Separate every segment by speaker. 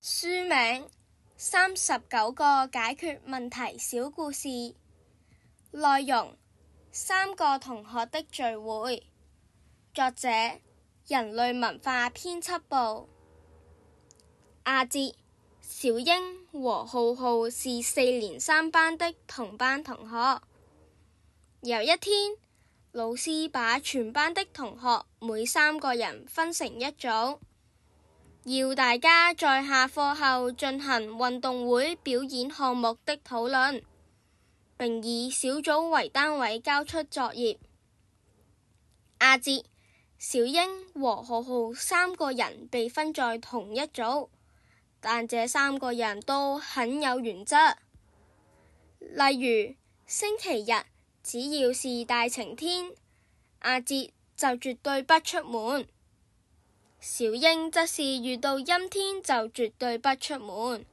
Speaker 1: 書名：三十九個解決問題小故事。內容：三個同學的聚會。作者：人類文化編輯部。阿哲、小英和浩浩是四年三班的同班同學。有一天，老師把全班的同學每三個人分成一組。要大家在下課後進行運動會表演項目的討論，並以小組為單位交出作業。阿哲、小英和浩浩三個人被分在同一組，但這三個人都很有原則。例如，星期日只要是大晴天，阿哲就絕對不出門。小英則是遇到陰天就絕對不出門，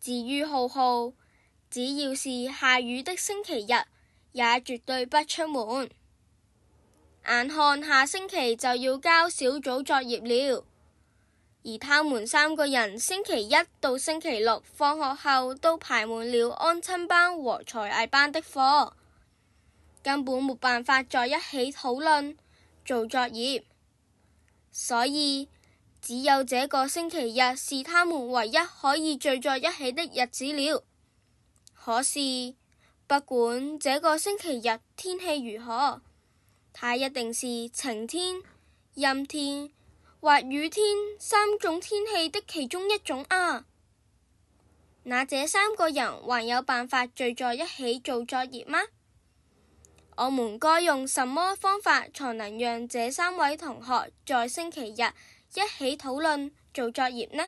Speaker 1: 至於浩浩，只要是下雨的星期日也絕對不出門。眼看下星期就要交小組作業了，而他們三個人星期一到星期六放學後都排滿了安親班和才藝班的課，根本沒辦法在一起討論做作業。所以只有這個星期日是他們唯一可以聚在一起的日子了。可是不管這個星期日天氣如何，它一定是晴天、陰天或雨天三種天氣的其中一種啊。那這三個人還有辦法聚在一起做作業嗎？我們該用什麼方法才能讓這三位同學在星期日一起討論做作業呢？